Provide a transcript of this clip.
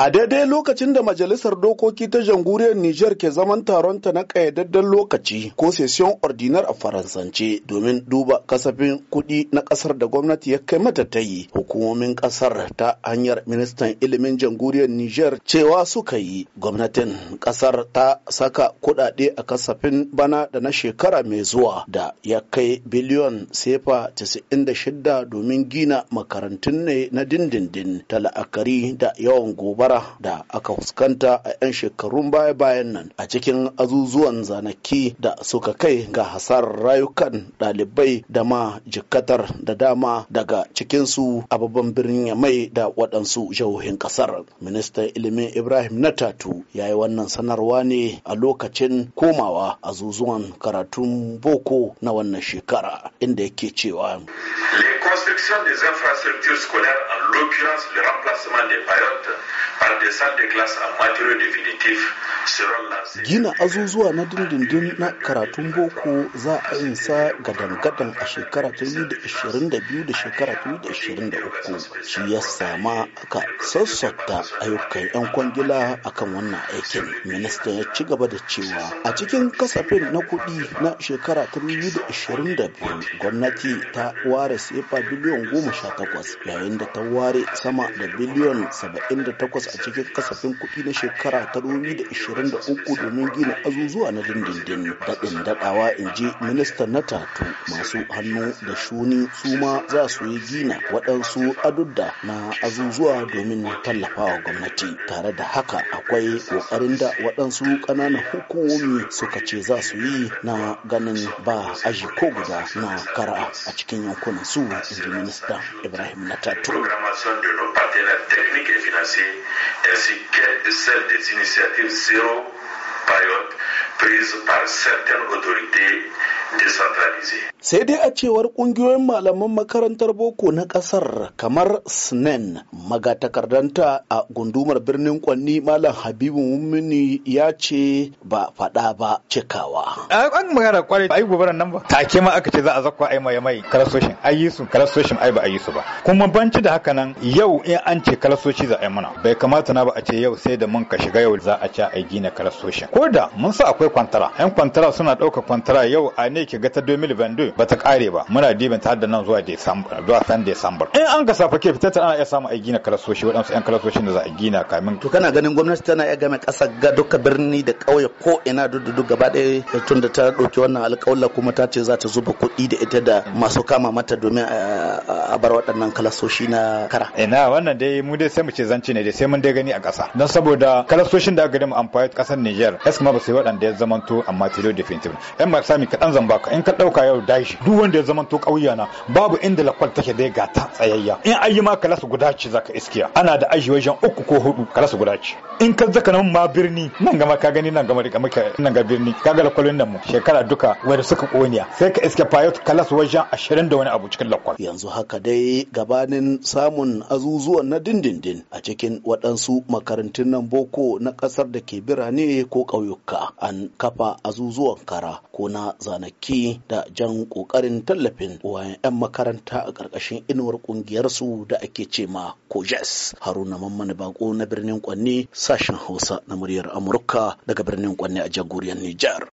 A daidai lokacin da Majalisar Dokoki ta Jamhuriyar Nijar ke zaman taronta na ƙayyadadden lokaci ko session ordinar a Faransance domin duba kasafin kuɗi na ƙasar da gwamnati ya kai mata ta yi, hukumomin ƙasar ta hanyar ministan ilimin Jamhuriyar Nijar cewa suka yi gwamnatin ƙasar ta saka kuɗaɗe a kasafin bana da na shekara mai zuwa da ya kai biliyon sefa 96 domin gina makarantun ne na dindindin ta la'akari da yawan gobe gobara da aka fuskanta a 'yan shekarun baya-bayan nan a cikin azuzuwan zanaki da suka kai ga hasarar rayukan ɗalibai da ma jikatar da dama daga cikinsu a babban birnin yamai da waɗansu jihohin ƙasar. Ministan ilimin Ibrahim Natatu ya yi wannan sanarwa ne a lokacin komawa azuzuwan karatun boko na wannan shekara inda yake cewa. l'occurrence le remplacement des paillotes par des salles de classe en matériaux définitifs seront lancés. Gina azuzuwa na dindindin na karatun boko za a yin sa gadan-gadan a shekara ta 2022 da shekara ta 2023 shi ya sama aka sassauta ayyukan 'yan kwangila a kan wannan aikin ministan ya ci gaba da cewa a cikin kasafin na kuɗi na shekara ta 2022 gwamnati ta ware sefa biliyan 18 yayin da ta ware sama da biliyon 78 a cikin kasafin kuɗi na shekara ta 2023 domin gina azuzuwa na dindindin daɗin daɗawa in ji minista na tatu masu hannu da shuni su ma za su yi gina waɗansu adudda na azuzuwa domin tallafawa gwamnati tare da haka akwai ƙoƙarin da waɗansu ƙananan hukumomi suka ce za su yi na ganin ba aji ko guda na kara a cikin yankunan su in ji minista ibrahim na tatu de nos partenaires techniques et financiers, ainsi que celle des initiatives Zéro Payotte prise par certaines autorités décentralisées. Sai dai a cewar kungiyoyin malaman makarantar boko na kasar kamar SNEN magatakardanta a gundumar birnin Kwanni Malam Habibu Mummini ya ce ba faɗa ba cikawa. An magana kwarai yi gobaran nan ba. Take ma aka ce za a zakwa ai mai mai kalasoshin ai yi su kalasoshin ai ba a yi su ba. Kuma banci da haka nan yau in an ce kalasoshi za a yi mana. Bai kamata na ba a ce yau sai da mun ka shiga yau za a ce yi gina kalasoshin. Ko da mun sa akwai akwai kwantara yan kwantara suna ɗaukar kwantara yau a ne ki ga ta 2022 ba ta ƙare ba muna dibin ta nan zuwa December zuwa san December in an ga safa ke fitar ana iya samu a gina karasoshi waɗansu yan karasoshi da za a gina kamin to kana ganin gwamnati tana iya game ƙasa ga duka birni da ƙauye ko ina dudu gaba ɗaya tun da ta ɗauki wannan alƙawla kuma ta ce za ta zuba kuɗi da ita da masu kama mata domin a bar waɗannan kalasoshi na kara ina wannan dai mu dai sai mu ce zance ne dai sai mun dai gani a ƙasa don saboda kalasoshin da aka gani mu amfani ƙasar Niger kuma ba su yi waɗanda zamanto a material defensive yan marasa mi kaɗan zan baka in ka ɗauka yau dashi duk wanda ya zamanto ƙauya na babu inda lakwal take dai ga ta tsayayya in ayi ma kalasu guda ci zaka iskiya ana da aji wajen uku ko hudu kalasu guda ci in ka zaka nan ma birni nan gama ka gani nan gama da maka nan ga birni ka ga lakwalin nan mu shekara duka wanda suka koniya sai ka iske fayot kalas wajen 20 da wani abu cikin lakwal yanzu haka dai gabanin samun azuzuwan na dindindin a cikin waɗansu makarantun nan boko na ƙasar da ke birane ko ƙauyuka an kafa azuzuwan kara ko na zanaki da jan kokarin tallafin wayan 'yan makaranta a ƙarƙashin inuwar ƙungiyarsu da ake ce ma kojes haruna mamman bako na birnin kwanne sashen hausa na muryar amurka daga birnin kwanne a jagoriyar Niger.